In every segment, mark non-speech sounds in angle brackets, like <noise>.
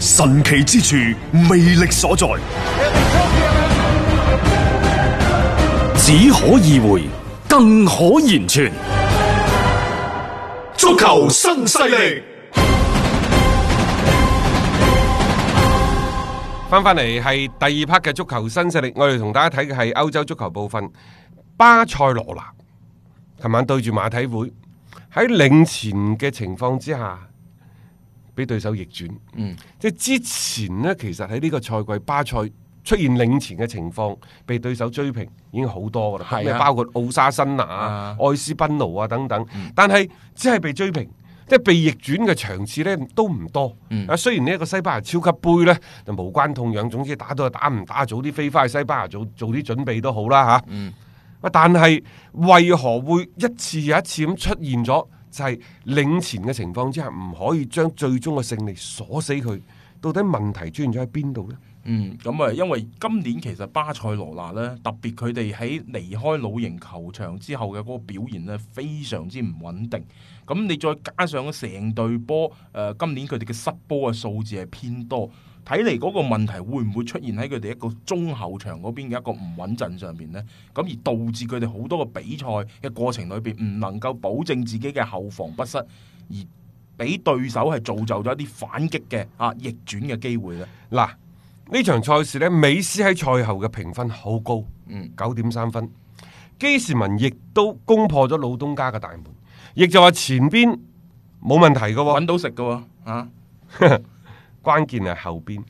神奇之處，魅力所在， <music> 只可意會，更可言傳。足球新勢力，翻翻嚟係第二 part 嘅足球新勢力，我哋同大家睇嘅係歐洲足球部分，巴塞羅那，琴晚對住馬體會喺領前嘅情況之下。俾對手逆轉，即係、嗯、之前呢，其實喺呢個賽季，巴塞出現領前嘅情況，被對手追平已經好多噶啦，啊、包括奧沙辛拿、啊、啊、愛斯賓奴啊等等，嗯、但係只係被追平，即係被逆轉嘅場次呢都唔多。嗯、雖然呢一個西班牙超級杯呢就無關痛癢，總之打到打唔打，早啲飛翻去西班牙做做啲準備都好啦嚇。嗯、但係為何會一次又一次咁出現咗？就係領前嘅情況之下，唔可以將最終嘅勝利鎖死佢。到底問題出現咗喺邊度呢？嗯，咁啊，因為今年其實巴塞羅那咧，特別佢哋喺離開老營球場之後嘅嗰個表現咧，非常之唔穩定。咁你再加上成隊波，誒、呃、今年佢哋嘅失波嘅數字係偏多，睇嚟嗰個問題會唔會出現喺佢哋一個中後場嗰邊嘅一個唔穩陣上面呢？咁而導致佢哋好多個比賽嘅過程裏邊唔能夠保證自己嘅後防不失，而俾對手係造就咗一啲反擊嘅啊逆轉嘅機會呢。嗱。呢場賽事咧，美斯喺賽後嘅評分好高，嗯，九點三分。基士文亦都攻破咗老東家嘅大門，亦就話前邊冇問題嘅、哦，搵到食嘅、哦，啊， <laughs> 關鍵係後邊，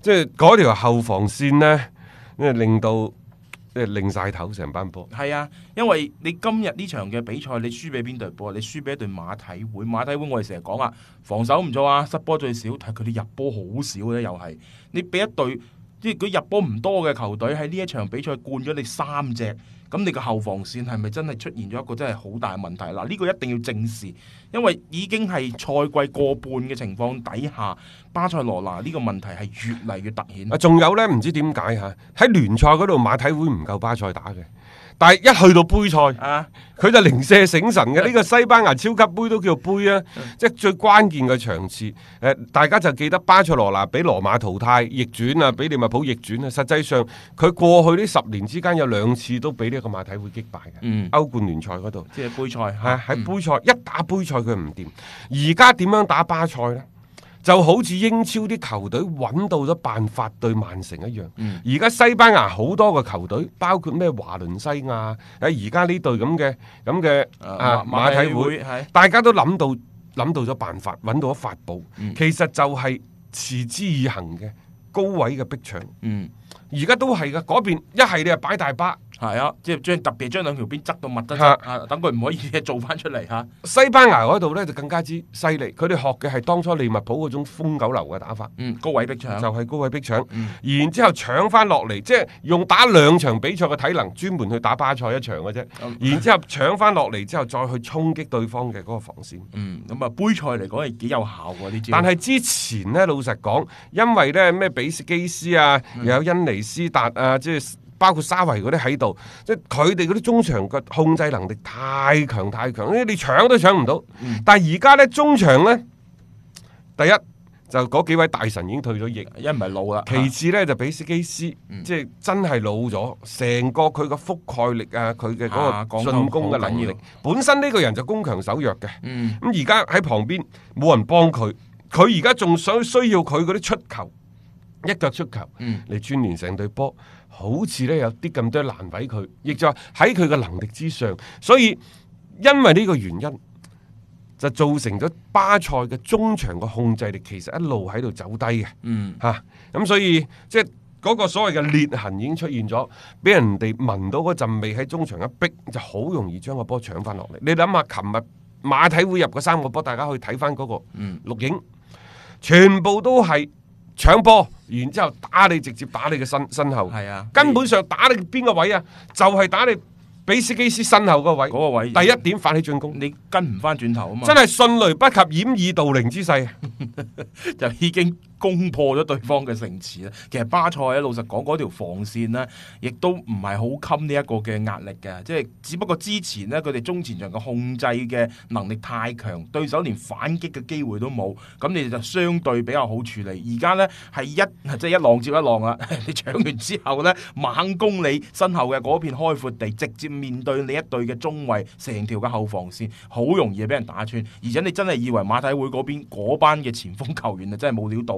即係嗰條後防線咧，令到。即係擰晒頭成班波，係啊，因為你今日呢場嘅比賽，你輸俾邊隊波？你輸俾一隊馬體會，馬體會我哋成日講啊，防守唔錯啊，失波最少，但係佢哋入波好少咧、啊，又係你俾一隊。即係佢入波唔多嘅球隊喺呢一場比賽灌咗你三隻，咁你個後防線係咪真係出現咗一個真係好大問題？嗱，呢個一定要正視，因為已經係賽季過半嘅情況底下，巴塞羅那呢個問題係越嚟越突顯。啊，仲有呢，唔知點解嚇喺聯賽嗰度馬體會唔夠巴塞打嘅。但係一去到杯賽，佢就零舍醒神嘅。呢、啊、個西班牙超級杯都叫杯啊，嗯、即係最關鍵嘅場次。誒、呃，大家就記得巴塞羅那俾羅馬淘汰逆轉，逆轉啊，俾利物浦逆轉啊。實際上佢過去呢十年之間有兩次都俾呢個馬體會擊敗嘅。歐、嗯、冠聯賽嗰度，即係杯賽，係喺、啊嗯、杯賽一打杯賽佢唔掂，而家點樣打巴塞呢？就好似英超啲球隊揾到咗辦法對曼城一樣，而家西班牙好多個球隊，包括咩華倫西亞，而家呢隊咁嘅咁嘅馬體會，會大家都諗到諗到咗辦法，揾到咗法寶，嗯、其實就係持之以恆嘅高位嘅逼搶，而家、嗯、都係嘅，嗰邊一係你啊擺大巴。係啊，即係將特別將兩條邊側到密得，等佢唔可以做翻出嚟吓。西班牙嗰度咧就更加之犀利，佢哋學嘅係當初利物浦嗰種瘋狗流嘅打法，嗯、高位逼搶，就係高位逼搶，嗯、然之後搶翻落嚟，即係、嗯、用打兩場比賽嘅體能專門去打巴塞一場嘅啫。嗯、然之後搶翻落嚟之後再去衝擊對方嘅嗰個防線。嗯，咁啊杯賽嚟講係幾有效啲，但係之前咧老實講，因為咧咩比斯基斯啊，嗯、又有恩尼斯達啊，即係。包括沙維嗰啲喺度，即係佢哋嗰啲中場嘅控制能力太強太強，你搶都搶唔到。嗯、但係而家咧中場咧，第一就嗰幾位大神已經退咗役，一唔係老啦。其次咧就俾斯基斯，即係、嗯、真係老咗，成個佢嘅覆蓋力啊，佢嘅嗰個進攻嘅能力，啊、本身呢個人就攻強守弱嘅。咁而家喺旁邊冇人幫佢，佢而家仲想需要佢嗰啲出球。一腳出球，你串聯成隊波，嗯、好似咧有啲咁多難為佢，亦就喺佢嘅能力之上，所以因為呢個原因，就造成咗巴塞嘅中場嘅控制力其實一路喺度走低嘅，嗯，吓咁、啊、所以即係嗰個所謂嘅裂痕已經出現咗，俾人哋聞到嗰陣味，喺中場一逼就好容易將個波搶翻落嚟。你諗下琴日馬體會入三個波，大家可以睇翻嗰個錄影，嗯、全部都係。搶波，然之後打你，直接打你嘅身身後。係啊，根本上打你邊個位啊？就係、是、打你俾斯基斯身後嗰位，嗰個位。第一點發起進攻，你跟唔翻轉頭啊嘛！真係迅雷不及掩耳盜鈴之勢， <laughs> 就已經。攻破咗對方嘅城池咧，其實巴塞咧老實講嗰條防線咧，亦都唔係好襟呢一個嘅壓力嘅，即係只不過之前咧佢哋中前場嘅控制嘅能力太強，對手連反擊嘅機會都冇，咁你就相對比較好處理。而家咧係一即係、就是、一浪接一浪啊！你搶完之後咧，猛攻你身後嘅嗰片開闊地，直接面對你一隊嘅中衛，成條嘅後防線好容易俾人打穿，而且你真係以為馬體會嗰邊嗰班嘅前鋒球員啊，真係冇料到。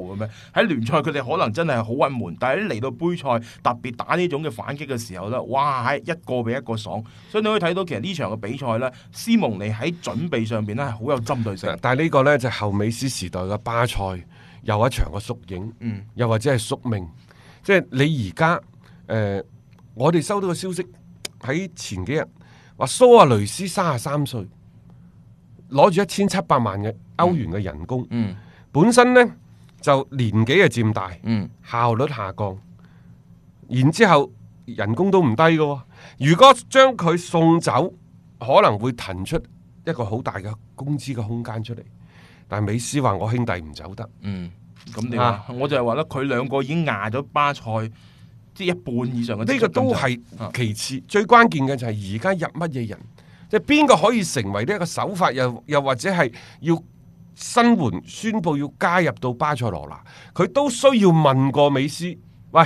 喺聯賽佢哋可能真係好鬱悶，但係一嚟到杯賽，特別打呢種嘅反擊嘅時候咧，哇，係一個比一個爽，所以你可以睇到其實呢場嘅比賽咧，斯蒙尼喺準備上邊咧係好有針對性。但係呢個咧就係、後美斯時代嘅巴塞又有一場嘅縮影，嗯，又或者係宿命。即係你而家誒，我哋收到嘅消息喺前幾日話蘇亞雷斯三十三歲，攞住一千七百萬嘅歐元嘅人工，嗯，本身咧。就年紀又漸大，效率下降，嗯、然之後人工都唔低嘅，哦。如果將佢送走，可能會騰出一個好大嘅工資嘅空間出嚟。但係美斯話：我兄弟唔走得。嗯，咁點啊？我就係話啦，佢兩個已經壓咗巴塞，即係一半以上嘅。呢個都係其次，啊，最關鍵嘅就係而家入乜嘢人，即係邊個可以成為呢一個手法，又又或者係要。新援宣布要加入到巴塞羅那，佢都需要問過美斯：喂，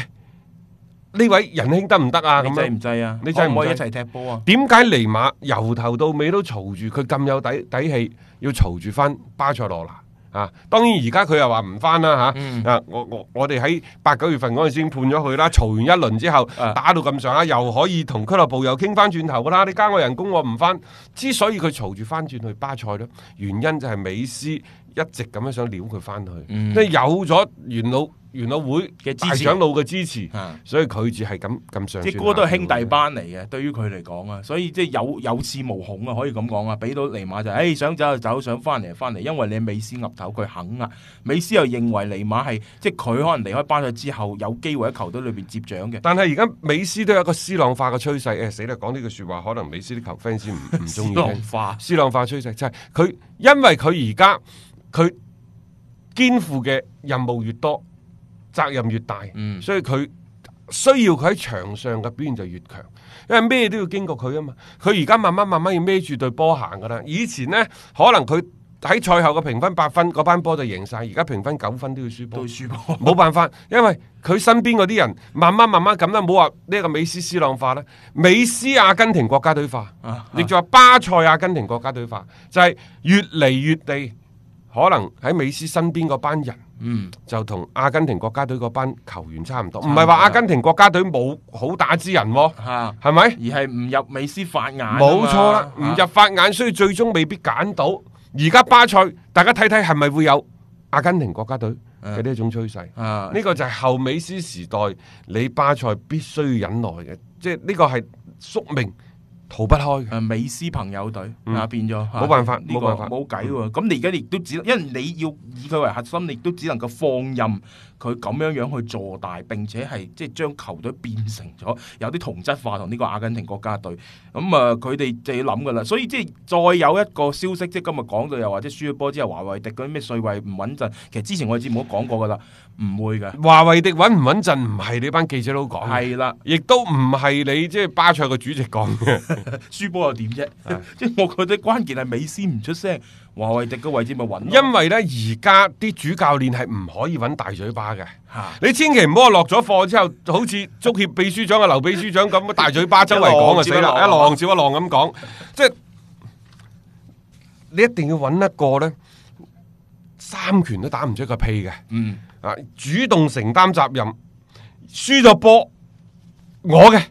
呢位仁兄得唔得啊？咁制唔制啊？你制唔可以一齊踢波啊？點解尼馬由頭到尾都嘈住，佢咁有底底氣，要嘈住返巴塞羅那？啊，當然而家佢又話唔翻啦吓啊，嗯、啊我我我哋喺八九月份嗰陣先判咗佢啦，嘈完一輪之後，啊、打到咁上下，又可以同俱樂部又傾翻轉頭噶啦，你加我人工我唔翻，之所以佢嘈住翻轉去巴塞咧，原因就係美斯。一直咁樣想撩佢翻去，即係、嗯、有咗元老元老會嘅大長老嘅支持，啊、所以佢只係咁咁上。啲哥都係兄弟班嚟嘅，對於佢嚟講啊，所以即係有有恃無恐啊，可以咁講啊。俾到尼馬就是，誒、欸、想走就走，想翻嚟就翻嚟，因為你美斯岌頭，佢肯啊。美斯又認為尼馬係即係佢可能離開巴薩之後，有機會喺球隊裏邊接掌嘅。但係而家美斯都有一個 C 朗化嘅趨勢，誒、哎、死啦！講呢句說話，可能美斯啲球 fans 唔唔中意。fans， <laughs> C 朗化，C 朗化趨勢，即係佢因為佢而家。佢肩負嘅任務越多，責任越大，嗯、所以佢需要佢喺場上嘅表現就越強，因為咩都要經過佢啊嘛。佢而家慢慢慢慢要孭住對波行噶啦。以前呢，可能佢喺賽後嘅評分八分，嗰班波就贏晒；而家評分九分都要輸波，輸波，冇辦法，因為佢身邊嗰啲人慢慢慢慢咁啦。唔好話呢個美斯斯朗化啦，美斯阿根廷國家隊化，亦就話巴塞阿根廷國家隊化，就係、是、越嚟越地。可能喺美斯身邊嗰班人，就同阿根廷國家隊嗰班球員差唔多，唔係話阿根廷國家隊冇好打之人喎，係咪？而係唔入美斯法眼，冇錯啦，唔入法眼，所以最終未必揀到。而家巴塞，大家睇睇係咪會有阿根廷國家隊嘅呢一種趨勢？呢、嗯嗯、個就係後美斯時代，你巴塞必須忍耐嘅，即係呢個係宿命。逃不開，誒，美斯朋友隊啊，嗯、變咗成，冇辦法，冇、哎這個、辦法，冇計喎。咁、嗯、你而家亦都只，能，因為你要以佢為核心，你都只能夠放任佢咁樣樣去做大，並且係即係將球隊變成咗有啲同質化同呢個阿根廷國家隊。咁、嗯、啊，佢哋就要諗噶啦。所以即係再有一個消息，即係今日講到又或者輸咗波之後，華為迪嗰啲咩帥位唔穩陣。其實之前我哋節目都講過噶啦，唔會噶。華為迪穩唔穩陣唔係你班記者都講，係啦的，亦都唔係你即係巴塞個主席講嘅。 <laughs> 輸波又點啫？即係我覺得關鍵係美斯唔出聲，華為迪個位置咪穩。因為咧而家啲主教練係唔可以搵大嘴巴嘅，你千祈唔好落咗課之後，好似足協秘書長啊、劉秘書長咁大嘴巴周圍講就死啦，一浪笑一浪咁講。即係你一定要搵一個咧，三拳都打唔出個屁嘅。嗯啊，主動承擔責任，輸咗波我嘅，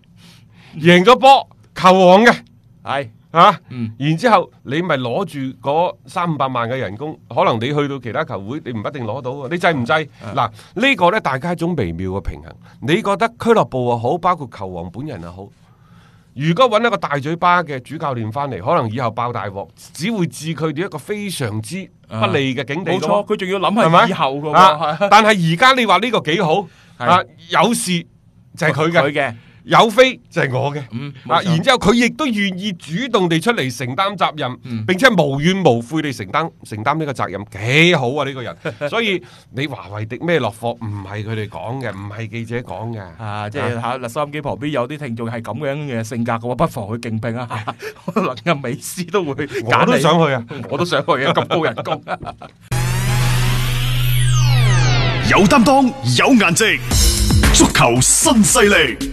贏咗波。球王嘅係吓，然之後你咪攞住嗰三五百萬嘅人工，可能你去到其他球會，你唔一定攞到嘅，你制唔制？嗱呢、啊啊、個呢，大家一種微妙嘅平衡。你覺得俱樂部又好，包括球王本人又好。如果揾一個大嘴巴嘅主教練翻嚟，可能以後爆大鑊，只會置佢哋一個非常之不利嘅境地。冇、啊、錯，佢仲要諗係咪以後嘅，但係而家你話呢個幾好啊？有事就係佢嘅，佢嘅。有飛就係我嘅，啊，然之後佢亦都願意主動地出嚟承擔責任，並且無怨無悔地承擔承擔呢個責任，幾好啊呢個人！所以你華為的咩落貨唔係佢哋講嘅，唔係記者講嘅啊！即係吓，嗱，收音機旁邊有啲聽眾係咁樣嘅性格嘅話，不妨去競聘啊！可能，阿美斯都會，我都想去啊，我都想去啊，咁高人工，有擔當有顏值，足球新勢力。